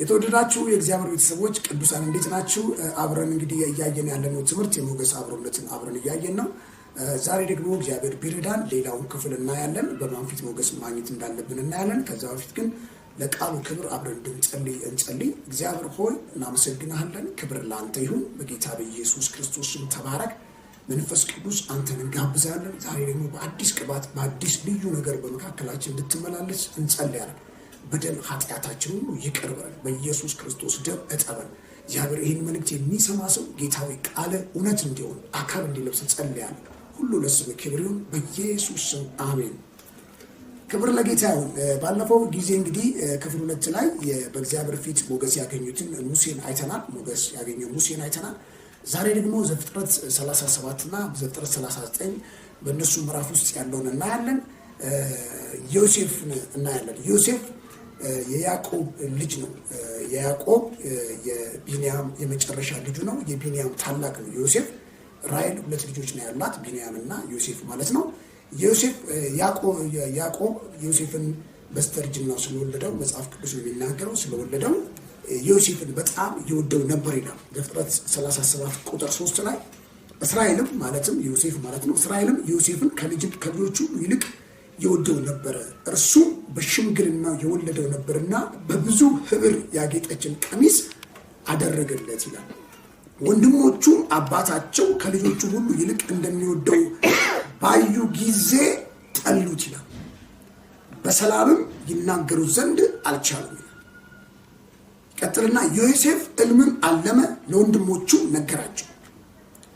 የተወደዳችሁ የእግዚአብሔር ቤተሰቦች ቅዱሳን እንዴት ናችሁ? አብረን እንግዲህ እያየን ያለነው ትምህርት የሞገስ አብሮነትን አብረን እያየን ነው። ዛሬ ደግሞ እግዚአብሔር ቢረዳን ሌላውን ክፍል እናያለን። በማንፊት ሞገስ ማግኘት እንዳለብን እናያለን። ከዛ በፊት ግን ለቃሉ ክብር አብረን እንድንጸልይ እንጸልይ። እግዚአብሔር ሆይ እናመሰግናለን። ክብር ለአንተ ይሁን። በጌታ በኢየሱስ ክርስቶስ ስም ተባረክ። መንፈስ ቅዱስ አንተን እንጋብዛለን። ዛሬ ደግሞ በአዲስ ቅባት በአዲስ ልዩ ነገር በመካከላችን እንድትመላለስ እንጸልያለን። በደል ኃጢአታችን ሁሉ ይቅር በለን በኢየሱስ ክርስቶስ ደም እጠበን። እግዚአብሔር ይህን መልእክት የሚሰማ ሰው ጌታዊ ቃለ እውነት እንዲሆን አካል እንዲለብስ ጸልያለሁ። ሁሉ ለስሙ ክብር ይሁን በኢየሱስ ስም አሜን። ክብር ለጌታ ይሁን። ባለፈው ጊዜ እንግዲህ ክፍል ሁለት ላይ በእግዚአብሔር ፊት ሞገስ ያገኙትን ሙሴን አይተናል። ሞገስ ያገኘው ሙሴን አይተናል። ዛሬ ደግሞ ዘፍጥረት 37 እና ዘፍጥረት 39 በእነሱ ምዕራፍ ውስጥ ያለውን እናያለን። ዮሴፍን እናያለን። ዮሴፍ የያዕቆብ ልጅ ነው። የያዕቆብ የቢንያም የመጨረሻ ልጁ ነው። የቢንያም ታላቅ ነው ዮሴፍ። ራይል ሁለት ልጆች ነው ያሏት፣ ቢንያም እና ዮሴፍ ማለት ነው። ዮሴፍ ያዕቆብ ዮሴፍን በስተርጅና ስለወለደው መጽሐፍ ቅዱስ ነው የሚናገረው። ስለወለደው ዮሴፍን በጣም የወደው ነበር ይላል ዘፍጥረት 37 ቁጥር 3 ላይ እስራኤልም ማለትም ዮሴፍ ማለት ነው። እስራኤልም ዮሴፍን ከልጆቹ ይልቅ የወደው ነበረ። እርሱ በሽምግልና የወለደው ነበርና በብዙ ህብር ያጌጠችን ቀሚስ አደረገለት ይላል። ወንድሞቹ አባታቸው ከልጆቹ ሁሉ ይልቅ እንደሚወደው ባዩ ጊዜ ጠሉት ይላል። በሰላምም ይናገሩት ዘንድ አልቻሉም። ቀጥልና ዮሴፍ እልምን አለመ፣ ለወንድሞቹ ነገራቸው።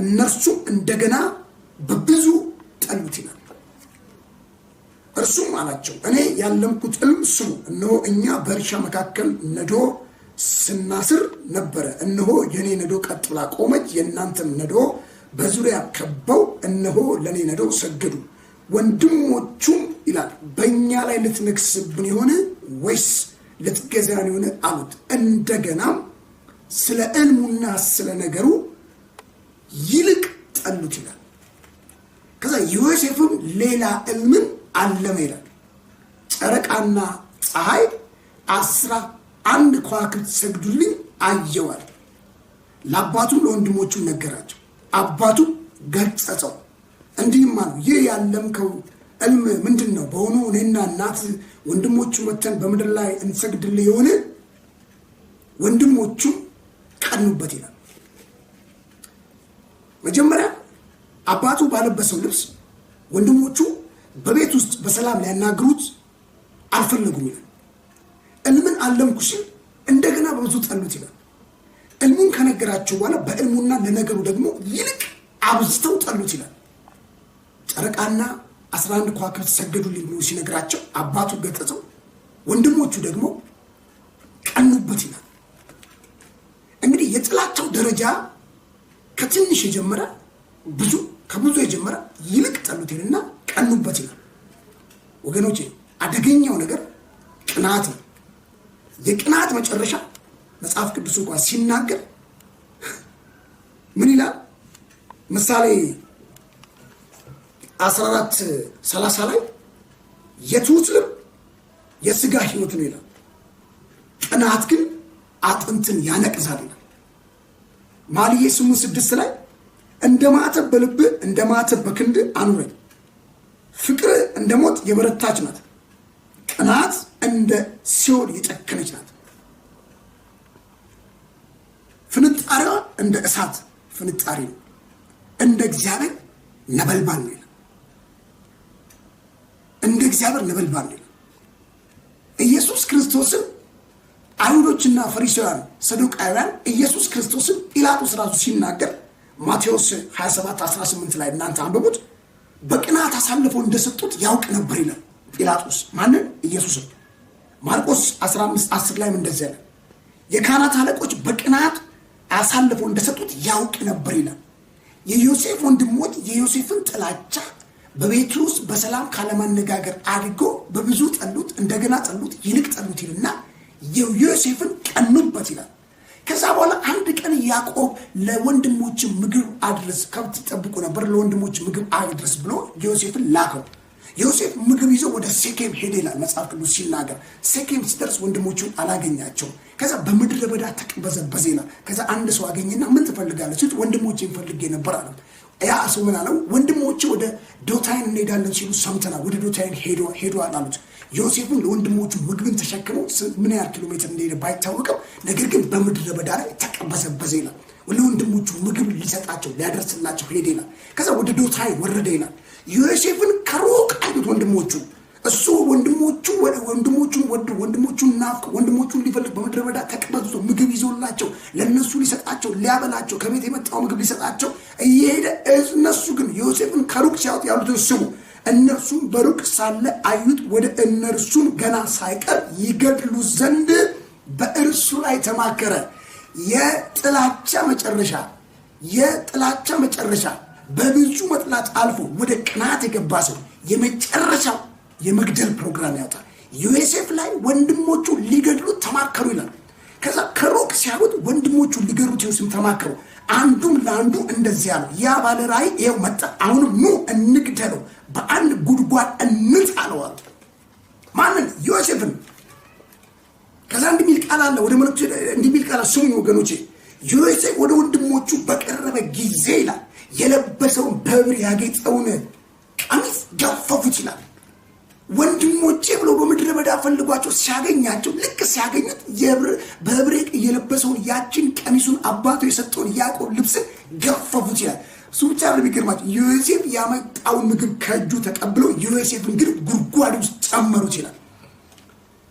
እነርሱ እንደገና በብዙ ጠሉት ይላል። እርሱም አላቸው እኔ ያለምኩት እልም ስሙ። እነሆ እኛ በእርሻ መካከል ነዶ ስናስር ነበረ። እነሆ የእኔ ነዶ ቀጥ ብላ ቆመች፣ የእናንተም ነዶ በዙሪያ ከበው፣ እነሆ ለእኔ ነዶ ሰገዱ። ወንድሞቹም ይላል በእኛ ላይ ልትነግስብን የሆነ ወይስ ልትገዛን የሆነ አሉት። እንደገናም ስለ እልሙና ስለ ነገሩ ይልቅ ጠሉት ይላል። ከዛ ዮሴፍም ሌላ እልምን አለመ ይላል። ጨረቃና ፀሐይ አስራ አንድ ከዋክብት ሰግዱልኝ አየዋል። ለአባቱ ለወንድሞቹ ነገራቸው። አባቱ ገጸጸው እንዲህም አሉ፣ ይህ ያለምከው እልም ምንድን ነው? በሆኑ እኔና እናት ወንድሞቹ መተን በምድር ላይ እንሰግድል የሆነ ወንድሞቹም ቀኑበት ይላል። መጀመሪያ አባቱ ባለበሰው ልብስ ወንድሞቹ በቤት ውስጥ በሰላም ሊያናግሩት አልፈለጉም ይላል። እልምን አለምኩ ሲል እንደገና በብዙ ጠሉት ይላል። እልሙን ከነገራቸው በኋላ በእልሙና ለነገሩ ደግሞ ይልቅ አብዝተው ጠሉት ይላል። ጨረቃና አስራ አንድ ከዋክብት ሰገዱልኝ ብሎ ሲነግራቸው አባቱ ገጠተው፣ ወንድሞቹ ደግሞ ቀኑበት ይላል። እንግዲህ የጥላቸው ደረጃ ከትንሽ የጀመረ ብዙ ከብዙ የጀመረ ይልቅ ጠሉት ይልና ቀኑበት ይላል። ወገኖች አደገኛው ነገር ቅናት ነው። የቅናት መጨረሻ መጽሐፍ ቅዱስ እንኳን ሲናገር ምን ይላል? ምሳሌ 14 30 ላይ የትሑት ልብ የስጋ ህይወት ነው ይላል፣ ቅናት ግን አጥንትን ያነቅዛል ይላል። ማልዬ ስሙ ስድስት ላይ እንደ ማተብ በልብ እንደ ማተብ በክንድ አኑረኝ ፍቅር እንደ ሞት የበረታች ናት። ቅናት እንደ ሲኦል የጨከነች ናት። ፍንጣሪዋ እንደ እሳት ፍንጣሪ ነው፣ እንደ እግዚአብሔር ነበልባል ነው። እንደ እግዚአብሔር ነበልባል ነው። ኢየሱስ ክርስቶስን አይሁዶችና ፈሪሳውያን ሰዱቃውያን ኢየሱስ ክርስቶስን ጲላጦስ ራሱ ሲናገር ማቴዎስ 27 18 ላይ እናንተ አንብቡት። በቅናት አሳልፈው እንደሰጡት ያውቅ ነበር ይላል ጲላጦስ። ማንን? ኢየሱስን። ማርቆስ 15 10 ላይም እንደዚህ ያለ የካህናት አለቆች በቅናት አሳልፈው እንደሰጡት ያውቅ ነበር ይላል። የዮሴፍ ወንድሞች የዮሴፍን ጥላቻ በቤቱ ውስጥ በሰላም ካለማነጋገር አድርጎ በብዙ ጠሉት፣ እንደገና ጠሉት፣ ይልቅ ጠሉት ይልና የዮሴፍን ቀኑበት ይላል። ከዛ በኋላ አንድ ያዕቆብ ለወንድሞች ምግብ አድርስ፣ ከብት ጠብቁ ነበር፣ ለወንድሞች ምግብ አድርስ ብሎ ዮሴፍን ላከው። ዮሴፍ ምግብ ይዞ ወደ ሴኬም ሄደ ይላል መጽሐፍ ቅዱስ ሲናገር። ሴኬም ሲደርስ ወንድሞቹን አላገኛቸው። ከዛ በምድረ በዳ ተቅበዘበዘ ይላል። ከዛ አንድ ሰው አገኘና ምን ትፈልጋለች? ሲት ወንድሞቼን ፈልጌ ነበር አለ። ያ ሰው ምን አለው? ወንድሞች ወደ ዶታይን እንሄዳለን ሲሉ ሰምተናል፣ ወደ ዶታይን ሄዷል አሉት። ዮሴፍን ለወንድሞቹ ምግብን ተሸክመው ምን ያህል ኪሎ ሜትር እንደሄደ ባይታወቅም ነገር ግን በምድረ በዳ ላይ ተቅበዘበዘ ይላል። ለወንድሞቹ ምግብ ሊሰጣቸው ሊያደርስላቸው ሄደ ይላል። ከዛ ወደ ዶታይ ወረደ ይላል። ዮሴፍን ከሩቅ አዩት ወንድሞቹ። እሱ ወንድሞቹ ወንድሞቹን ወድ ወንድሞቹን ናፍቅ ወንድሞቹን ሊፈልግ በምድረ በዳ ተቅበዝብዞ ምግብ ይዞላቸው ለእነሱ ሊሰጣቸው ሊያበላቸው ከቤት የመጣው ምግብ ሊሰጣቸው እየሄደ እነሱ ግን ዮሴፍን ከሩቅ ሲያዩት ያሉት ስሙ። እነርሱም በሩቅ ሳለ አዩት፣ ወደ እነርሱም ገና ሳይቀር ይገድሉ ዘንድ በእርሱ ላይ ተማከረ። የጥላቻ መጨረሻ የጥላቻ መጨረሻ በብዙ መጥላት አልፎ ወደ ቅናት የገባ ሰው የመጨረሻው የመግደል ፕሮግራም ያወጣል። ዮሴፍ ላይ ወንድሞቹ ሊገድሉት ተማከሩ ይላል። ከዛ ከሩቅ ሲያዩት ወንድሞቹ ሊገድሉት ዮሴፍ ተማከሩ። አንዱም ለአንዱ እንደዚህ ነው። ያ ባለ ራእይ ይኸው መጣ። አሁንም ኑ እንግደለው፣ በአንድ ጉድጓድ እንጣለዋል። ማንን? ዮሴፍን ቃል አለ። ወደ መልእክቱ እንዲህ የሚል ቃል ስሙ ወገኖቼ። ዮሴፍ ወደ ወንድሞቹ በቀረበ ጊዜ ይላል የለበሰውን በብር ያጌጠውን ቀሚስ ገፈፉት ይላል። ወንድሞቼ ብሎ በምድረ በዳ ፈልጓቸው ሲያገኛቸው ልክ ሲያገኙት በብሬ የለበሰውን ያችን ቀሚሱን አባቱ የሰጠውን ያዕቆብ ልብስ ገፈፉት ይላል። እሱ ብቻ ነው የሚገርማቸው። ዮሴፍ ያመጣውን ምግብ ከእጁ ተቀብሎ ዮሴፍን ግን ጉድጓድ ውስጥ ጨመሩት ይላል።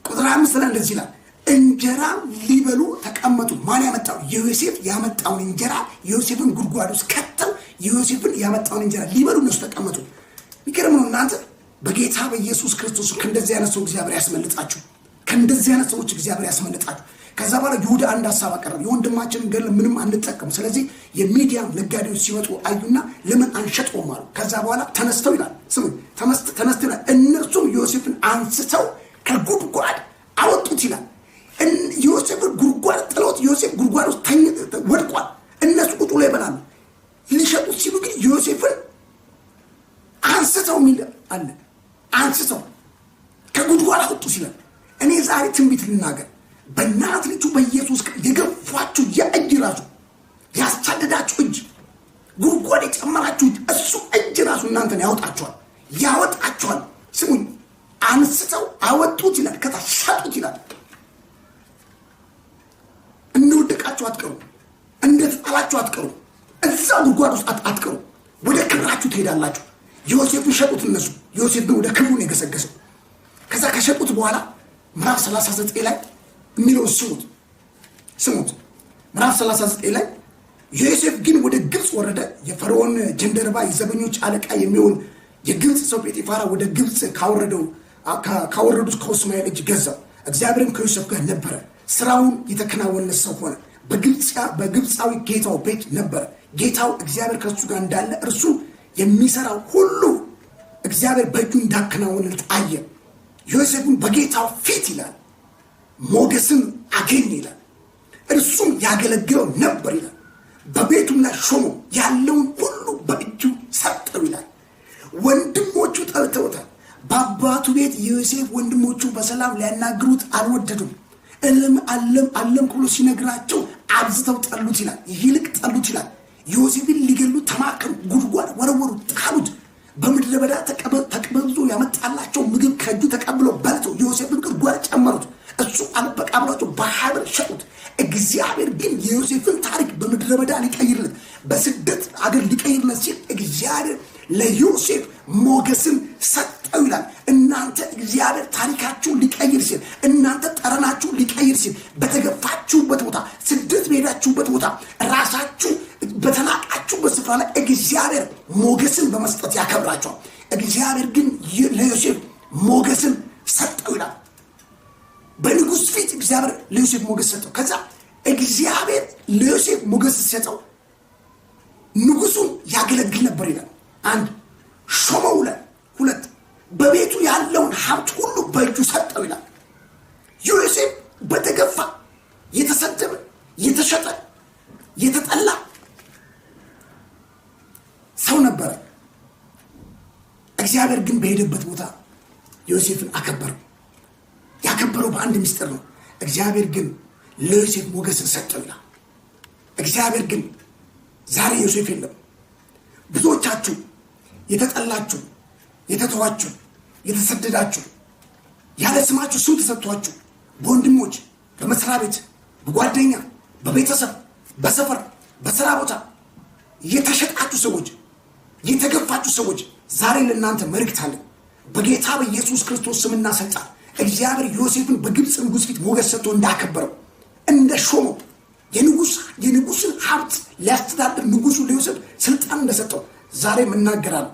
ቁጥር አምስት ላይ እንደዚህ ይላል እንጀራ ሊበሉ ተቀመጡ። ማን ያመጣው? የዮሴፍ ያመጣውን እንጀራ የዮሴፍን ጉድጓድ ውስጥ ከተው የዮሴፍን ያመጣውን እንጀራ ሊበሉ እነሱ ተቀመጡ። የሚገርም ነው እናንተ። በጌታ በኢየሱስ ክርስቶስ ከእንደዚህ አይነት ሰው እግዚአብሔር ያስመልጣችሁ። ከእንደዚህ አይነት ሰዎች እግዚአብሔር ያስመልጣችሁ። ከዛ በኋላ ይሁዳ አንድ ሀሳብ አቀረብ። የወንድማችንን ገድል ምንም አንጠቀም፣ ስለዚህ የሚዲያም ነጋዴዎች ሲመጡ አዩና ለምን አንሸጠውም አሉ። ከዛ በኋላ ተነስተው ይላል ስሙ፣ ተነስተው ይላል እነርሱም ዮሴፍን አንስተው ከጉድጓድ አወጡት ይላል። ዮሴፍን ጉድጓድ ጥለውት ዮሴፍ ጉድጓድ ውስጥ ወድቋል። እነሱ ቁጭ ብሎ ይበላሉ። ሊሸጡት ሲሉ ግን ዮሴፍን አንስተው የሚል አለ። አንስተው ከጉድጓድ አወጡ ሲላል። እኔ ዛሬ ትንቢት ልናገር። በናዝሬቱ በኢየሱስ የገፏችሁ የእጅ ራሱ ያሳደዳችሁ እጅ ጉድጓድ የጨመራችሁት እሱ እጅ ራሱ እናንተን ያወጣችኋል፣ ያወጣችኋል። ስሙኝ፣ አንስተው አወጡት ይላል። ከዛ ሸጡት ይላል። ተጣልታችሁ አትቀሩ። እንደ ተጣላችሁ አትቀሩ። እዛ ጉድጓድ ውስጥ አትቀሩ። ወደ ክብራችሁ ትሄዳላችሁ። ዮሴፍን ሸጡት እነሱ። ዮሴፍ ግን ወደ ክብሩ ነው የገሰገሰው። ከዛ ከሸጡት በኋላ ምዕራፍ 39 ላይ የሚለውን ስሙት ስሙት። ምዕራፍ 39 ላይ ዮሴፍ ግን ወደ ግብፅ ወረደ። የፈርዖን ጀንደርባ የዘበኞች አለቃ የሚሆን የግብፅ ሰው ጴጢፋራ ወደ ግብፅ ካወረደው ካወረዱት ከውስማኤል እጅ ገዛው። እግዚአብሔርም ከዮሴፍ ጋር ነበረ። ስራውን የተከናወነ ሰው ሆነ። በግብፃዊ ጌታው ቤት ነበረ። ጌታው እግዚአብሔር ከሱ ጋር እንዳለ እርሱ የሚሰራው ሁሉ እግዚአብሔር በእጁ እንዳከናወንለት አየ። ዮሴፍን በጌታው ፊት ይላል ሞገስን አገኝ ይላል። እርሱም ያገለግለው ነበር ይላል። በቤቱም ላይ ሾሞ ያለውን ሁሉ በእጁ ሰጠው ይላል። ወንድሞቹ ጠልተውታል። በአባቱ ቤት ዮሴፍ ወንድሞቹ በሰላም ሊያናግሩት አልወደዱም። እልም አለም አለም ብሎ ሲነግራቸው አብዝተው ጠሉት ይላል። ይልቅ ጠሉት ይላል። ዮሴፍን ሊገሉ ተማከሩ፣ ጉድጓድ ወረወሩ፣ ጣሉት። በምድረ በዳ ተቀብዞ ያመጣላቸው ምግብ ከእጁ ተቀብሎ በልተው ዮሴፍን ጉድጓድ ጨመሩት። እሱ አልበቃ ብሏቸው በሐብር ሸጡት። እግዚአብሔር ግን የዮሴፍን ታሪክ በምድረ በዳ ሊቀይርለት፣ በስደት አገር ሊቀይርለት ሲል እግዚአብሔር ለዮሴፍ ሞገስን ሰጠው ይላል። እናንተ እግዚአብሔር ታሪካችሁን ሊቀይር ሲል ንጉሱን ያገለግል ነበር ይላል። አንድ ሾመው ላይ ሁለት በቤቱ ያለውን ሀብት ሁሉ በእጁ ሰጠው ይላል። ዮሴፍ በተገፋ የተሰደበ፣ የተሸጠ፣ የተጠላ ሰው ነበረ። እግዚአብሔር ግን በሄደበት ቦታ ዮሴፍን አከበረው። ያከበረው በአንድ ምስጢር ነው። እግዚአብሔር ግን ለዮሴፍ ሞገስን ሰጠው ይላል። እግዚአብሔር ግን ዛሬ ዮሴፍ የለም። ብዙዎቻችሁ የተጠላችሁ፣ የተተዋችሁ፣ የተሰደዳችሁ ያለ ስማችሁ ስም ተሰጥቷችሁ በወንድሞች፣ በመስሪያ ቤት፣ በጓደኛ፣ በቤተሰብ፣ በሰፈር፣ በስራ ቦታ የተሸጣችሁ ሰዎች፣ የተገፋችሁ ሰዎች ዛሬ ለእናንተ መልእክት አለ። በጌታ በኢየሱስ ክርስቶስ ስምና ስልጣን እግዚአብሔር ዮሴፍን በግብፅ ንጉሥ ፊት ሞገስ ሰጥቶ እንዳከበረው እንደ ሾመው የንጉስን ሀብት ሊያስተዳድር ንጉሱ ሊወስድ ስልጣን እንደሰጠው ዛሬ እናገራለሁ።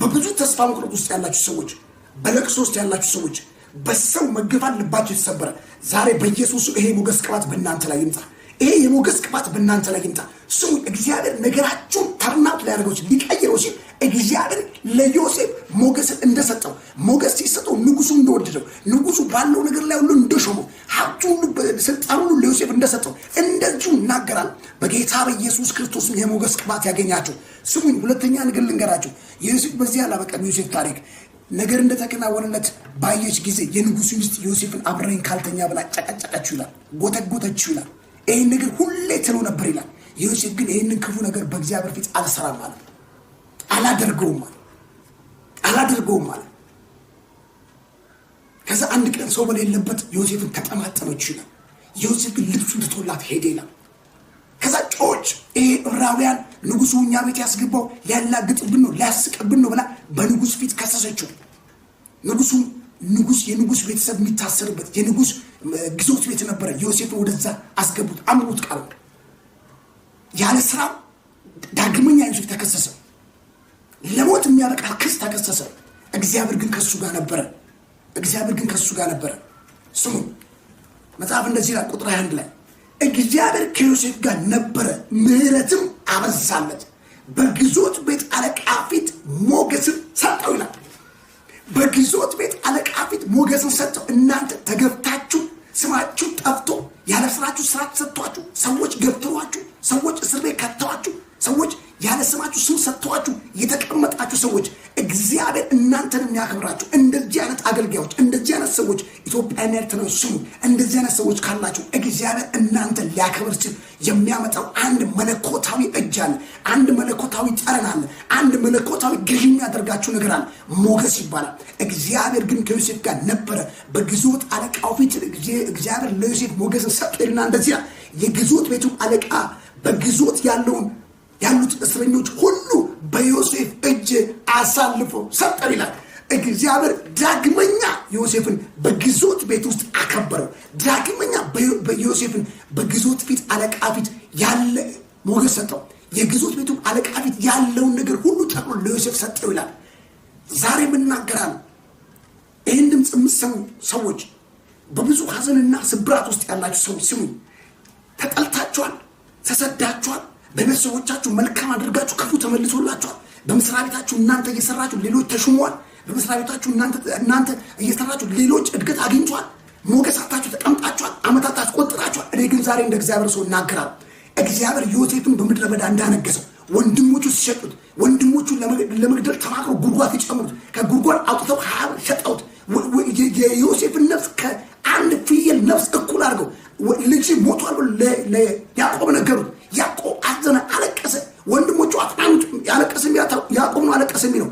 በብዙ ተስፋ መቁረጥ ውስጥ ያላችሁ ሰዎች፣ በለቅሶ ውስጥ ያላችሁ ሰዎች፣ በሰው መገፋት ልባቸው የተሰበረ ዛሬ በኢየሱስ ይሄ የሞገስ ቅባት በእናንተ ላይ ይምጣ። ይሄ የሞገስ ቅባት በእናንተ ላይ ይምጣ። ስሙ እግዚአብሔር ነገራችሁን ተርናት ሊያደርገው ሊቀይረው ሲል እግዚአብሔር ለዮሴፍ ሞገስን እንደሰጠው ሞገስ ሲሰጠው ንጉሱ እንደወደደው ንጉሱ ባለው ነገር ላይ ሁሉ እንደሾመው ሀብቱ ሁሉ ስልጣን ሁሉ ለዮሴፍ እንደሰጠው በእጁ ይናገራል። በጌታ በኢየሱስ ክርስቶስ የሞገስ ቅባት ያገኛችሁ። ስሙኝ፣ ሁለተኛ ነገር ልንገራችሁ። ዮሴፍ በዚህ አላበቃም። ዮሴፍ ታሪክ ነገር እንደተከናወነለት ባየች ጊዜ የንጉሱ ሚስት ዮሴፍን አብረኝ ካልተኛ ብላ ጨቀጨቀችው ይላል፣ ጎተጎተችው ይላል። ይህን ነገር ሁሌ ትለው ነበር ይላል። ዮሴፍ ግን ይህንን ክፉ ነገር በእግዚአብሔር ፊት አልሰራም ማለት አላደርገውም ማለት አላደርገውም ማለት ከዛ አንድ ቀን ሰው በሌለበት ዮሴፍን ተጠማጠመችው ይላል። ዮሴፍ ግን ልብሱን ትቶላት ሄደ ይላል። ከዛ ጮች ይሄ ዕብራውያን ንጉሱ እኛ ቤት ያስገባው ሊያላግጥብን ነው ሊያስቅብን ነው ብላ በንጉስ ፊት ከሰሰችው። ንጉሱ ንጉስ የንጉስ ቤተሰብ የሚታሰርበት የንጉስ ግዞት ቤት ነበረ። ዮሴፍን ወደዛ አስገቡት፣ አምሩት ቃል ያለ ስራ ዳግመኛ ዮሴፍ ተከሰሰ። ለሞት የሚያበቃ ክስ ተከሰሰ። እግዚአብሔር ግን ከሱ ጋር ነበረ። እግዚአብሔር ግን ከሱ ጋር ነበረ። ስሙ መጽሐፍ እንደዚህ ይላል ቁጥር 21 ላይ እግዚአብሔር ከዮሴፍ ጋር ነበረ፣ ምሕረትም አበዛለት፣ በግዞት ቤት አለቃ ፊት ሞገስን ሰጠው ይላል። በግዞት ቤት አለቃ ፊት ሞገስን ሰጠው። እናንተ ተገብታችሁ ስማችሁ ጠፍቶ ያለ ስራችሁ ስራ ተሰጥቷችሁ ሰዎች ገብተዋችሁ ሰዎች እስር ቤት ከተዋችሁ ሰዎች ያለ ስማችሁ ስም ሰጥተዋችሁ የተቀመጣችሁ ሰዎች እግዚአብሔር እናንተን የሚያከብራችሁ እንደዚህ አይነት አገልጋዮች፣ እንደዚህ አይነት ሰዎች ኢትዮጵያና ኤርትራዊ ስሙ። እንደዚህ አይነት ሰዎች ካላችሁ እግዚአብሔር እናንተን ሊያከብር ሲል የሚያመጣው አንድ መለኮታዊ እጅ አለ። አንድ መለኮታዊ ጠረን አለ። አንድ መለኮታዊ ግዥ የሚያደርጋችሁ ነገር አለ። ሞገስ ይባላል። እግዚአብሔር ግን ከዮሴፍ ጋር ነበረ። በግዞት አለቃው ፊት እግዚአብሔር ለዮሴፍ ሞገስን ሰጥ ልና እንደዚህ የግዞት ቤቱ አለቃ በግዞት ያለውን ያሉት እስረኞች ሁሉ በዮሴፍ እጅ አሳልፎ ሰጠን ይላል። እግዚአብሔር ዳግመኛ ዮሴፍን በግዞት ቤት ውስጥ አከበረው። ዳግመኛ በዮሴፍን በግዞት ፊት አለቃ ፊት ያለ ሞገስ ሰጠው። የግዞት ቤቱ አለቃ ፊት ያለውን ነገር ሁሉ ጠቅሎ ለዮሴፍ ሰጠው ይላል። ዛሬ የምናገራል። ይህን ድምፅ የምትሰሙ ሰዎች በብዙ ሀዘንና ስብራት ውስጥ ያላችሁ ሰዎች ስሙኝ። ተጠልታችኋል፣ ተሰዳችኋል በቤተሰቦቻችሁ መልካም አድርጋችሁ ክፉ ተመልሶላችኋል። በመስሪያ ቤታችሁ እናንተ እየሰራችሁ ሌሎች ተሹመዋል። በመስሪያ ቤታችሁ እናንተ እየሰራችሁ ሌሎች እድገት አግኝቷል። ሞገስ አታችሁ ተቀምጣችኋል። አመታት አስቆጥራችኋል። እኔ ግን ዛሬ እንደ እግዚአብሔር ሰው እናገራል። እግዚአብሔር ዮሴፍን በምድረ በዳ እንዳነገሰው ወንድሞቹ ሲሸጡት ወንድሞቹ ለመግደል ተማክሮ ጉድጓድ ሲጨምሩት ከጉድጓድ አውጥተው ሸጠውት የዮሴፍን ነፍስ ከአንድ ፍየል ነፍስ እኩል አድርገው ልጅ ሞቷል ያዕቆብ ነገሩት። ያዕቆብ አዘነ፣ አለቀሰ። ወንድሞቹ አፍናኑት ያለቀሰ ያዕቆብ ነው አለቀሰ የሚለው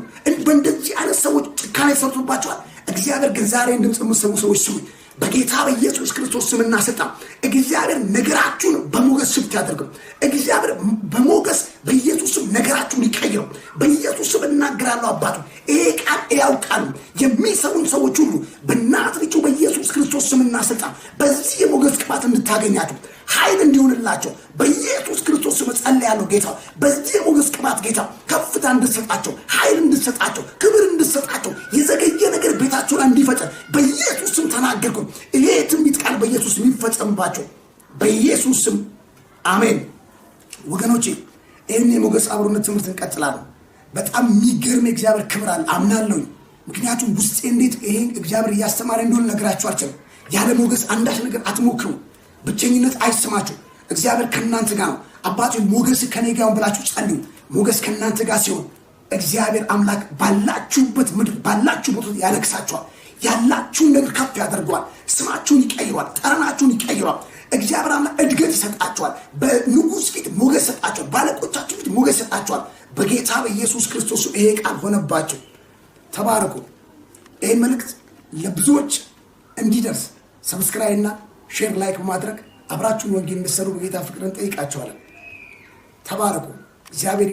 በእንደዚህ አይነት ሰዎች ጭካኔ ሰርቶባቸዋል። እግዚአብሔር ግን ዛሬ ድምፅ የምትሰሙ ሰዎች ስሙኝ። በጌታ በኢየሱስ ክርስቶስ ስምና ስልጣን እግዚአብሔር ነገራችሁን በሞገስ ሽፍት ያደርገው። እግዚአብሔር በሞገስ በኢየሱስ ስም ነገራችሁን ይቀይረው። በኢየሱስ ስም እናገራለሁ። አባቱ ይሄ ቃል ያውቃሉ የሚሰሩን ሰዎች ሁሉ በናዝሬቱ በኢየሱስ ክርስቶስ ስምና ስልጣን በዚህ የሞገስ ቅባት እንድታገኛቸው ኃይል እንዲሆንላቸው በኢየሱስ ክርስቶስ ስም ጸልያለሁ። ጌታ በዚህ የሞገስ ቅባት ጌታ ከፍታ እንድሰጣቸው፣ ኃይል እንድሰጣቸው፣ ክብር እንድሰጣቸው የዘገየ ነገር እግዚአብሔር ቤታችሁ ላይ እንዲፈጸ በኢየሱስ ስም ተናገርኩ። ይሄ የትንቢት ቃል በኢየሱስ የሚፈጸምባቸው በኢየሱስ ስም አሜን። ወገኖቼ ይህን የሞገስ አብሮነት ትምህርት እንቀጥላለን። በጣም የሚገርም እግዚአብሔር ክብር አለ አምናለሁኝ። ምክንያቱም ውስጤ እንዴት ይሄን እግዚአብሔር እያስተማረ እንደሆነ ነገራችሁ አልችልም። ያለ ሞገስ አንዳች ነገር አትሞክሩ። ብቸኝነት አይሰማችሁ። እግዚአብሔር ከእናንተ ጋር ነው። አባቱ ሞገስ ከኔ ጋር ብላችሁ ጸልዩ። ሞገስ ከእናንተ ጋር ሲሆን እግዚአብሔር አምላክ ባላችሁበት ምድር ባላችሁ ቦታ ያላችሁን ነገር ከፍ ያደርገዋል። ስማችሁን ይቀይሯል። ጠረናችሁን ይቀይሯል። እግዚአብሔር አምላክ እድገት ይሰጣቸዋል። በንጉሥ ፊት ሞገስ ሰጣቸዋል። ባለቆቻችሁ ፊት ሞገስ ሰጣቸዋል። በጌታ በኢየሱስ ክርስቶስ ይሄ ቃል ሆነባቸው። ተባረኩ። ይህን መልእክት ለብዙዎች እንዲደርስ ሰብስክራይብና ሼር ላይክ በማድረግ አብራችሁን ወንጌል የምትሰሩ በጌታ ፍቅርን ጠይቃቸዋለን። ተባረኩ። እግዚአብሔር